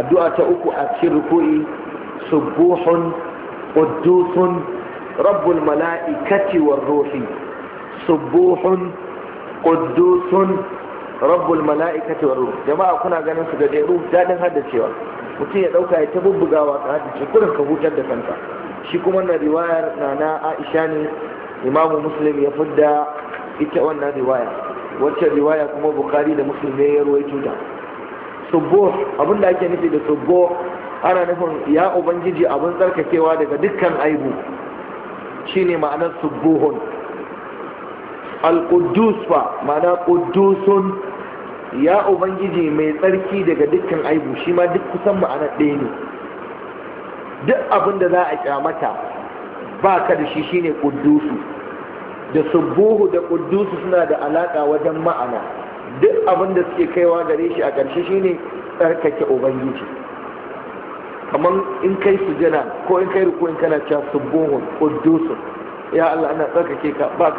addu'a ta uku a cikin ruku'i subuhun quddusun rabbul mala'ikati war ruhi subuhun quddusun rabbul mala'ikati war ruh jama'a kuna ganin su gaje ruh dadin cewa. mutum ya dauka ya ta bubbugawa ka haddace kurin ka hutar da kanka shi kuma na riwayar nana Aisha ne imamu muslim ya fidda ita wannan riwaya wacce riwaya kuma bukari da muslim ne ya ruwaito ta subbo abin da ake nufi da subbo ana nufin ya ubangiji abin tsarkakewa daga dukkan aibu shine ma'anar subbohun al-quddus fa ma'ana quddusun ya ubangiji mai tsarki daga dukkan aibu shi ma duk kusan ma'anar ɗaya ne duk abin da za a kyamata ba ka da shi shine quddusu da subbohu da quddusu suna da alaƙa wajen ma'ana duk abin da suke kaiwa gare shi a ƙarshe shine tsarkake ubangiji kamar in kai su jana ko in kai rukunin kana cewa subuhun quddusun ya Allah ana tsarkake ka ba